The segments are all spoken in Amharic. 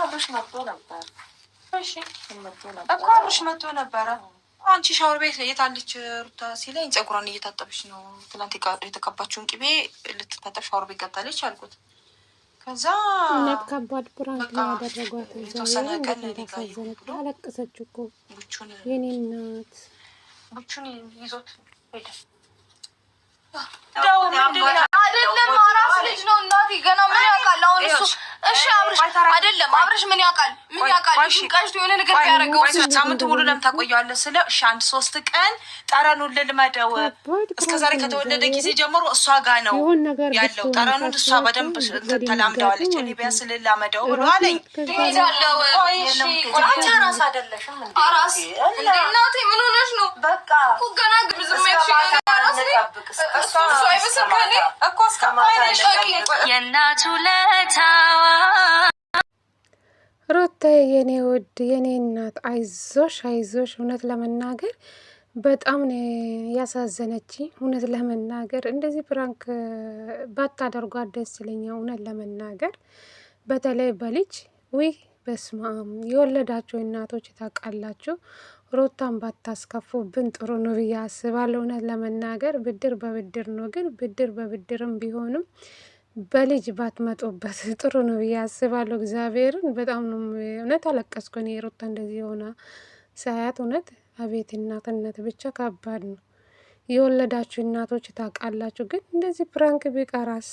አብሮሽ መጥቶ ነበር እኮ አብሮሽ መጥቶ ነበረ። አንቺ ሻወር ቤት የታለች ሩታ ሲለኝ ፀጉሯን እየታጠበች ነው፣ ትናንት የተቀባችውን ቅቤ ልትታጠብ ሻወር ቤት ገብታለች አልኩት። ከዛ ከባድ ብራንድ ያደረጓት የተወሰነ ቀን አለቀሰች እኮ የኔ እናት። ቡቹን ይዞት ሄደ። አይደለም አራስ ልጅ ነው እናቴ። ገና ምን ያውቃል አሁን እሱ። እሺ አብርሽ አይደለም አብርሽ ምን ያውቃል? ምን ያውቃል? እሺ ቀጅቶ የሆነ ነገር ያደረገው ሳምንት ሙሉ ለምን ታቆየዋለህ ስለ እሺ፣ አንድ ሶስት ቀን ጠረኑን ልልመደው። እስከዛሬ ከተወለደ ጊዜ ጀምሮ እሷ ጋ ነው ያለው ጠረኑን። እሷ በደንብ ተላምደዋለች። እኔ ቢያንስ ልላመደው ብሎ አለኝ። አንቺ አራስ አይደለሽም አራስ እናቴ ምን ሆነሽ ነው? በቃ ገና ግብዝማ ያሽ አራስ እኮ የእናቱ ለታዋ ሮታ የኔ ውድ የኔ እናት አይዞሽ አይዞሽ። እውነት ለመናገር በጣም ያሳዘነች። እውነት ለመናገር እንደዚህ ፕራንክ ባታደርጓት ደስ ይለኛ። እውነት ለመናገር በተለይ በልጅ ዊ በስማም የወለዳቸው እናቶች ታውቃላችሁ። ሩታን ባታስከፉብን ጥሩ ነው ብዬ አስባለሁ። እውነት ለመናገር ብድር በብድር ነው፣ ግን ብድር በብድርም ቢሆንም በልጅ ባትመጡበት ጥሩ ነው ብዬ አስባለሁ። እግዚአብሔርን በጣም ነው እውነት አለቀስኩ። እኔ እንደዚህ የሆነ ሳያት እውነት አቤት እናትነት ብቻ ከባድ ነው። የወለዳችሁ እናቶች ታውቃላችሁ። ግን እንደዚህ ፕራንክ ቢቀራስ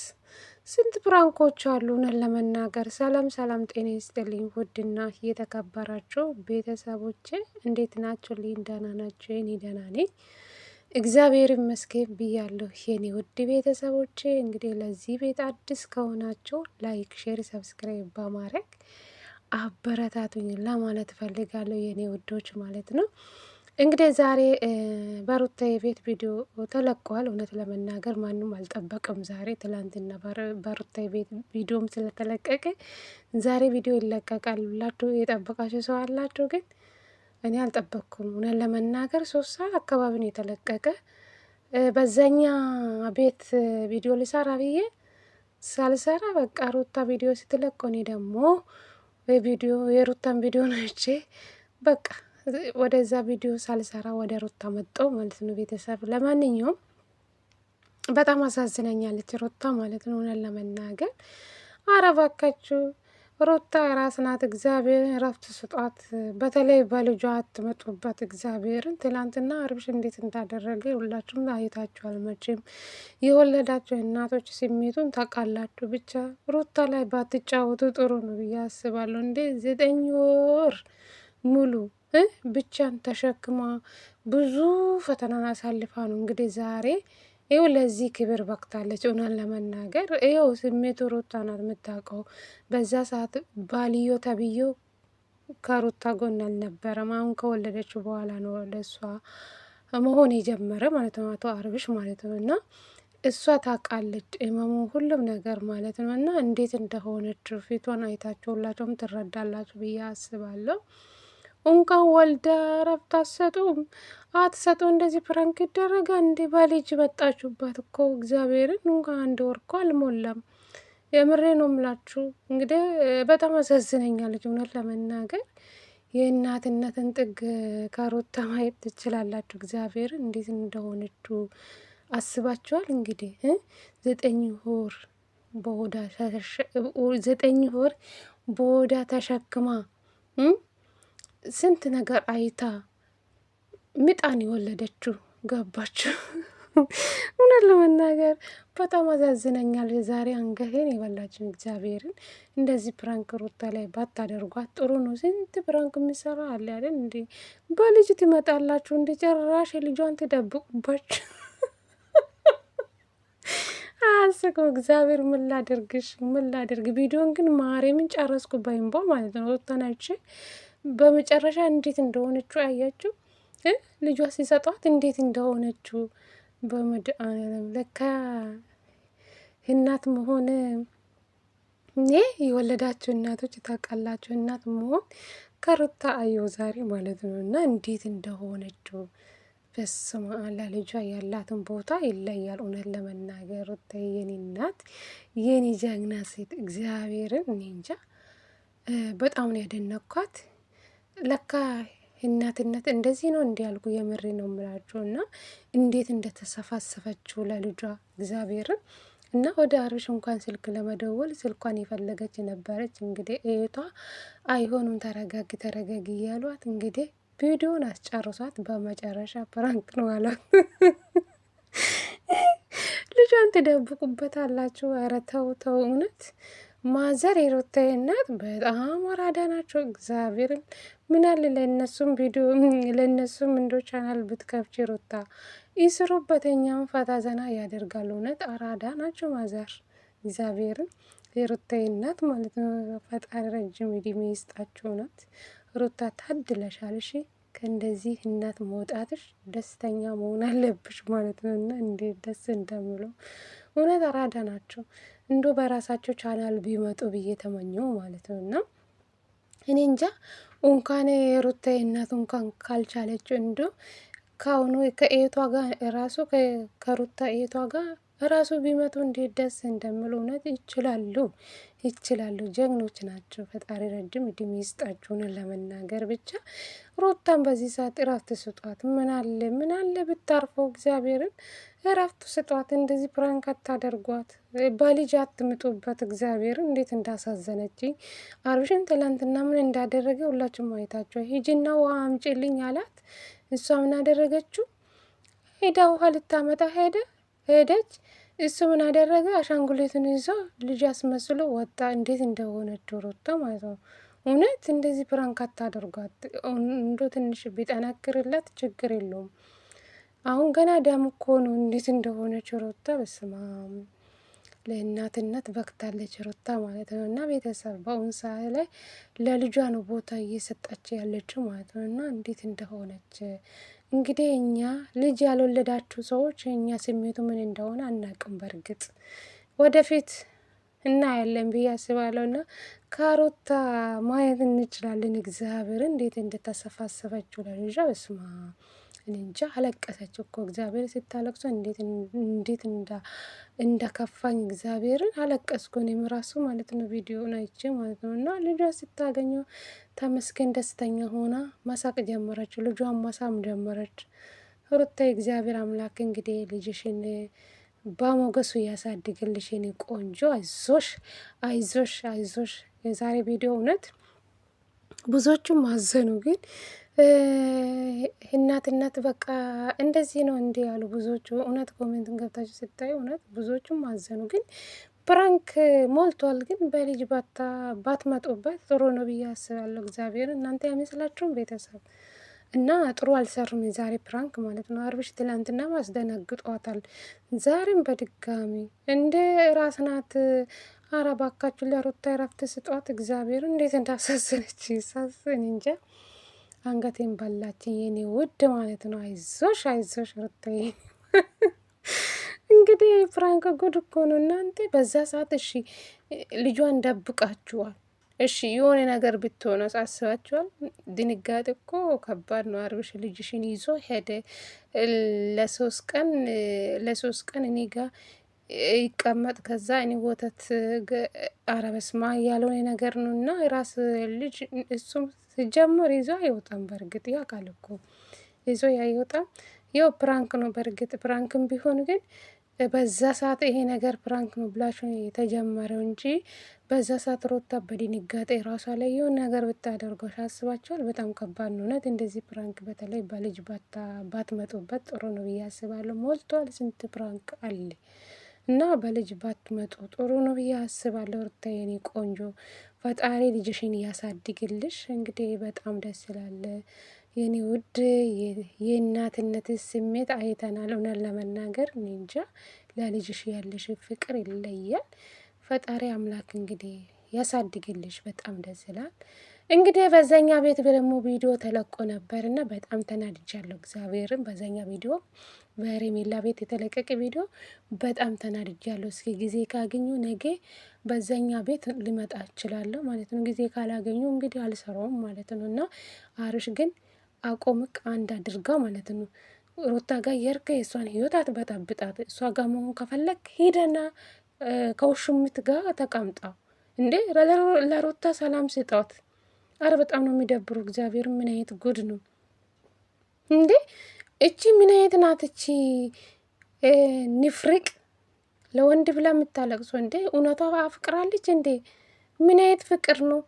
ስንት ፕራንኮች አሉ። እውነት ለመናገር ሰላም ሰላም፣ ጤና ይስጥልኝ ውድና የተከበራችሁ ቤተሰቦቼ እንዴት ናቸው? ልኝ ደህና ናቸው? የኔ ደህና ነኝ እግዚአብሔር ይመስገን ብያለሁ። የኔ ውድ ቤተሰቦቼ እንግዲህ ለዚህ ቤት አዲስ ከሆናችሁ ላይክ፣ ሼር፣ ሰብስክራይብ በማድረግ አበረታቱኝ ለማለት ፈልጋለሁ የኔ ውዶች ማለት ነው። እንግዲህ ዛሬ በሩታ የቤት ቪዲዮ ተለቋል። እውነት ለመናገር ማንም አልጠበቅም። ዛሬ ትላንትና በሩታ የቤት ቪዲዮም ስለተለቀቀ ዛሬ ቪዲዮ ይለቀቃል ብላችሁ የጠበቃችሁ ሰው አላችሁ፣ ግን እኔ አልጠበቅኩም። እውነት ለመናገር ሶስት ሰዓት አካባቢ ነው የተለቀቀ። በዛኛ ቤት ቪዲዮ ልሰራ ብዬ ሳልሰራ በቃ ሩታ ቪዲዮ ስትለቅ እኔ ደግሞ ቪዲዮ የሩታን ቪዲዮ ነቼ በቃ ወደዛ ቪዲዮ ሳልሰራ ወደ ሩታ መጣው ማለት ነው። ቤተሰብ ለማንኛውም በጣም አሳዝነኛለች ሩታ ማለት ነው። እውነት ለመናገር አረባካችሁ ሩታ ራስ ናት። ረፍት ስጧት። በተለይ በልጇ አትመጡበት። እግዚአብሔርን ትላንትና አርብሽ እንዴት እንዳደረገ ሁላችሁም አይታችኋል። መቼም የወለዳቸው እናቶች ስሜቱን ታውቃላችሁ። ብቻ ሩታ ላይ ባትጫወቱ ጥሩ ነው ብዬ አስባለሁ። እንዴ ዘጠኝ ወር ሙሉ ብቻን ተሸክማ ብዙ ፈተናን አሳልፋ ነው እንግዲህ ዛሬ ይው ለዚህ ክብር በቅታለች። እውናን ለመናገር ይው ስሜቱ ሩታ ናት የምታውቀው። በዛ ሰዓት ባልዮ ተብዮ ከሩታ ጎን አልነበረም። አሁን ከወለደችው በኋላ ነው ለእሷ መሆን የጀመረ ማለት ነው፣ አቶ አርብሽ ማለት ነው። እና እሷ ታውቃለች እመሙ ሁሉም ነገር ማለት ነው። እና እንዴት እንደሆነች ፊቷን አይታችሁ ሁላችሁም ትረዳላችሁ ብዬ አስባለሁ። እንኳን ወልዳ ረፍት አትሰጡ አትሰጡ። እንደዚህ ፕራንክ ይደረጋ እንዴ? ባሌጅ መጣችሁባት እኮ እግዚአብሔርን። እንኳን አንድ ወር እኮ አልሞላም። የምሬ ነው ምላችሁ። እንግዲህ በጣም አሳዝነኛለች እውነት ለመናገር የእናትነትን ጥግ ከሩታ ማየት ትችላላችሁ። እግዚአብሔርን እንዴት እንደሆነችው አስባችኋል። እንግዲህ ዘጠኝ ወር በሆዳ ዘጠኝ ወር በሆዳ ተሸክማ ስንት ነገር አይታ ምጣን የወለደችው ገባችሁ። እውነት ለመናገር በጣም አዛዝነኛል። የዛሬ አንገቴን የበላችን እግዚአብሔርን እንደዚህ ፕራንክ ሩታ ላይ ባታደርጓት ጥሩ ነው። ስንት ፕራንክ የሚሰራ አለ አይደል? እንዲ በልጅ ትመጣላችሁ። እንደ ጨራሽ ልጇን ትደብቁባችሁ። አስቁ እግዚአብሔር ምን ላድርግሽ፣ ምን ላድርግ። ቪዲዮን ግን ማርያምን ጨረስኩ በይምባ ማለት ነው ወጥተናች በመጨረሻ እንዴት እንደሆነችው አያችሁ። ልጇ ሲሰጧት እንዴት እንደሆነችው በመድኃኒዓለም ለካ እናት መሆን እኔ የወለዳቸው እናቶች ታውቃላችሁ። እናት መሆን ከሩታ አየው ዛሬ ማለት ነው። እና እንዴት እንደሆነችው በስመ አብ ልጇ ያላትን ቦታ ይለያል። እውነት ለመናገር ሩታ የኔ እናት የኔ ጀግና ሴት እግዚአብሔርን እኔ እንጃ በጣም ነው ያደነኳት። ለካ እናትነት እንደዚህ ነው ያልኩ የምሬ ነው ምላችሁ እና እንዴት እንደተሰፋሰፈችው ለልጇ እግዚአብሔርን እና ወደ አብርሽ እንኳን ስልክ ለመደወል ስልኳን የፈለገች ነበረች። እንግዲህ እህቷ አይሆኑም ተረጋጊ ተረጋጊ እያሏት እንግዲህ ቪዲዮን አስጨርሷት በመጨረሻ ፕራንክ ነው አሏት። ልጇን ትደብቁበት አላችሁ? ኧረ ተው ተው እውነት ማዘር የሩታ እናት በጣም ወራዳ ናቸው። እግዚአብሔር ምናል ለእነሱም ቪዲዮ ለእነሱም እንዶ ቻናል ብትከፍች ሩታ ይስሩበተኛም ፈታ ዘና ያደርጋሉ። እውነት አራዳ ናቸው ማዘር እግዚአብሔር የሩታ እናት ማለት ነው። ፈጣሪ ረጅም እድሜ ይስጣቸው። ናት ሩታ ታድለሻል። እሺ ከእንደዚህ እናት መውጣትሽ ደስተኛ መሆን አለብሽ ማለት ነው እና እንዴት ደስ እንደምለው እውነት አራዳ ናቸው። እንዶ በራሳቸው ቻናል ቢመጡ ብዬ ተመኘው ማለት ነው እና እኔ እንጃ እንኳን የሩታ እናት እንኳን ካልቻለች እንዶ ከአሁኑ ከኤቷ ጋር ራሱ ከሩታ ኤቷ ጋር ራሱ ቢመጡ እንዴት ደስ እንደምል እውነት ይችላሉ ይችላሉ። ጀግኖች ናቸው። ፈጣሪ ረጅም እድሜ ይስጣችሁን ለመናገር ብቻ ሩታን በዚህ ሰዓት እረፍት ስጧት። ምናለ ምናለ ብታርፈው እግዚአብሔርን እረፍት ስጧት። እንደዚህ ፕራንክ አታደርጓት። በልጅ አትምጡበት። እግዚአብሔር እንዴት እንዳሳዘነች አብርሽን ትላንትና ምን እንዳደረገ ሁላችሁም ማየታቸው። ሂጂና ውሃ አምጪልኝ አላት። እሷ ምን አደረገችው? ሄዳ ውሃ ልታመጣ ሄደ ሄደች። እሱ ምን አደረገ? አሻንጉሊቱን ይዞ ልጅ አስመስሎ ወጣ። እንዴት እንደሆነ ሮጣ ማለት ነው። እውነት እንደዚህ ፕራንክ አታደርጓት። እንዶ ትንሽ ቢጠነክርላት ችግር የለውም። አሁን ገና ደም እኮ ነው። እንዴት እንደሆነች ሮታ በስማ ለእናትነት በክታለች ሮታ ማለት ነው። እና ቤተሰብ በአሁን ሰዓት ላይ ለልጇ ነው ቦታ እየሰጣች ያለችው ማለት ነው። እና እንዴት እንደሆነች እንግዲህ እኛ ልጅ ያልወለዳችሁ ሰዎች እኛ ስሜቱ ምን እንደሆነ አናቅም። በእርግጥ ወደፊት እናያለን ብዬ አስባለሁ። እና ከሮታ ማየት እንችላለን እግዚአብሔር እንዴት እንደተሰፋሰፈችው ለልጇ በስማ እኔ እንጃ አለቀሰች እኮ እግዚአብሔር ስታለቅሶ እንዴት እንዴት እንደከፋኝ እግዚአብሔርን አለቀስኩ። እኔም ራሱ ማለት ነው ቪዲዮ አይቼ ማለት ነው። እና ልጇ ስታገኘው ተመስገን ደስተኛ ሆና ማሳቅ ጀመረች። ልጇን ማሳም ጀመረች። ሩታ እግዚአብሔር አምላክ እንግዲህ ልጅሽን በሞገሱ እያሳድግልሽ የኔ ቆንጆ፣ አይዞሽ አይዞሽ አይዞሽ። የዛሬ ቪዲዮ እውነት ብዙዎቹም አዘኑ ግን እናትነት በቃ እንደዚህ ነው እንዲ ያሉ ብዙዎቹ እውነት ኮሜንትን ገብታችሁ ስታይ እውነት ብዙዎቹም አዘኑ። ግን ፕራንክ ሞልቷል። ግን በልጅ ባታ ባትመጡበት ጥሩ ነው ብዬ አስባለሁ። እግዚአብሔር እናንተ ያመስላችሁም ቤተሰብ እና ጥሩ አልሰሩም። የዛሬ ፕራንክ ማለት ነው። አብርሽ ትላንትና አስደነግጧታል። ዛሬም በድጋሚ እንደ ራስ ናት። አረ ባካችሁ ለሩታ እረፍት ስጧት። እግዚአብሔር እንዴት እንዳሳዘነች ሳስን እንጃ። አንገቴን በላችኝ የኔ ውድ ማለት ነው። አይዞሽ አይዞሽ ሩታዬ። እንግዲህ ፍራንኮ ጉድ እኮ ነው እናንተ። በዛ ሰዓት እሺ ልጇን ደብቃችኋል። እሺ የሆነ ነገር ብትሆነ አስባችኋል። ድንጋጤ እኮ ከባድ ነው። አርብሽ ልጅሽን ይዞ ሄደ። ለሶስት ቀን ለሶስት ቀን እኔ ጋ ይቀመጥ ከዛ እኔ ወተት አረበስማ ያልሆነ ነገር ነው እና ራስ ልጅ እሱም ሲጀምር ይዞ አይወጣም። በእርግጥ ያውቃል እኮ ይዞ አይወጣም። ያው ፕራንክ ነው። በእርግጥ ፕራንክም ቢሆን ግን በዛ ሰዓት ይሄ ነገር ፕራንክ ነው ብላችሁ የተጀመረው እንጂ በዛ ሰዓት ሮታ በድንጋጤ ራሷ ላይ የሆነ ነገር ብታደርገው አስባችኋል? በጣም ከባድ ነው እውነት። እንደዚህ ፕራንክ በተለይ በልጅ ባትመጡበት ጥሩ ነው ብዬ አስባለሁ። ሞልቷል። ስንት ፕራንክ አለ እና በልጅ ባትመጡ ጥሩ ነው ብዬ አስባለሁ። ሩታ የኔ ቆንጆ ፈጣሪ ልጅሽን እያሳድግልሽ። እንግዲህ በጣም ደስ ይላል የኔ ውድ። የእናትነት ስሜት አይተናል። እውነት ለመናገር እንጃ ለልጅሽ ያለሽ ፍቅር ይለያል። ፈጣሪ አምላክ እንግዲህ ያሳድግልሽ በጣም ደስ ይላል። እንግዲህ በዛኛ ቤት ደግሞ ቪዲዮ ተለቆ ነበር እና በጣም ተናድጃለሁ። እግዚአብሔርን በዛኛ ቪዲዮ በሄርሜላ ቤት የተለቀቀ ቪዲዮ በጣም ተናድጃለሁ። እስኪ ጊዜ ካገኙ ነገ በዛኛ ቤት ልመጣ እችላለሁ ማለት ነው። ጊዜ ካላገኙ እንግዲህ አልሰራውም ማለት ነው እና አብርሽ ግን አቆምቅ አንድ አድርጋው ማለት ነው ሩታ ጋር የርከ የእሷን ህይወት አትበጣብጣት። እሷ ጋር መሆን ከፈለግ ሂደና ከውሽምት ጋር ተቀምጣው እንዴ ለሮታ ሰላም ስጣት አረ በጣም ነው የሚደብሩ። እግዚአብሔር ምን አይነት ጉድ ነው እንዴ! እቺ ምን አይነት ናት እቺ ንፍርቅ ለወንድ ብላ የምታለቅሶ እንዴ! እውነቷ አፍቅራለች እንዴ! ምን አይነት ፍቅር ነው?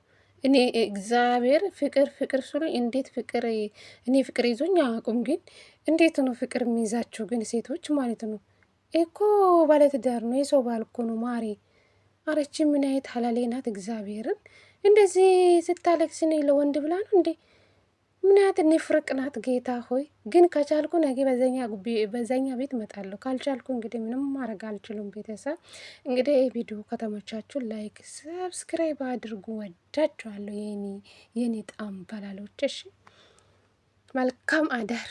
እኔ እግዚአብሔር ፍቅር ፍቅር ስሉ እንዴት ፍቅር እኔ ፍቅር ይዞኝ አያውቁም። ግን እንዴት ነው ፍቅር የሚይዛቸው ግን ሴቶች ማለት ነው እኮ ባለትዳር ነው የሰው ባል እኮ ነው ማሬ አረች ምን አይነት ሀላሌ ናት! እግዚአብሔርን እንደዚህ ስታለቅስ ለወንድ ብላ ነው እንዴ? ምናት ንፍርቅ ናት። ጌታ ሆይ ግን ከቻልኩ ነገ በዛኛ ቤት መጣለሁ፣ ካልቻልኩ እንግዲህ ምንም ማድረግ አልችሉም። ቤተሰብ እንግዲህ ይህ ቪዲዮ ከተመቻችሁ ላይክ፣ ሰብስክራይብ አድርጉ። ወዳችኋለሁ የኔ ጣም በላሎች። እሺ መልካም አዳር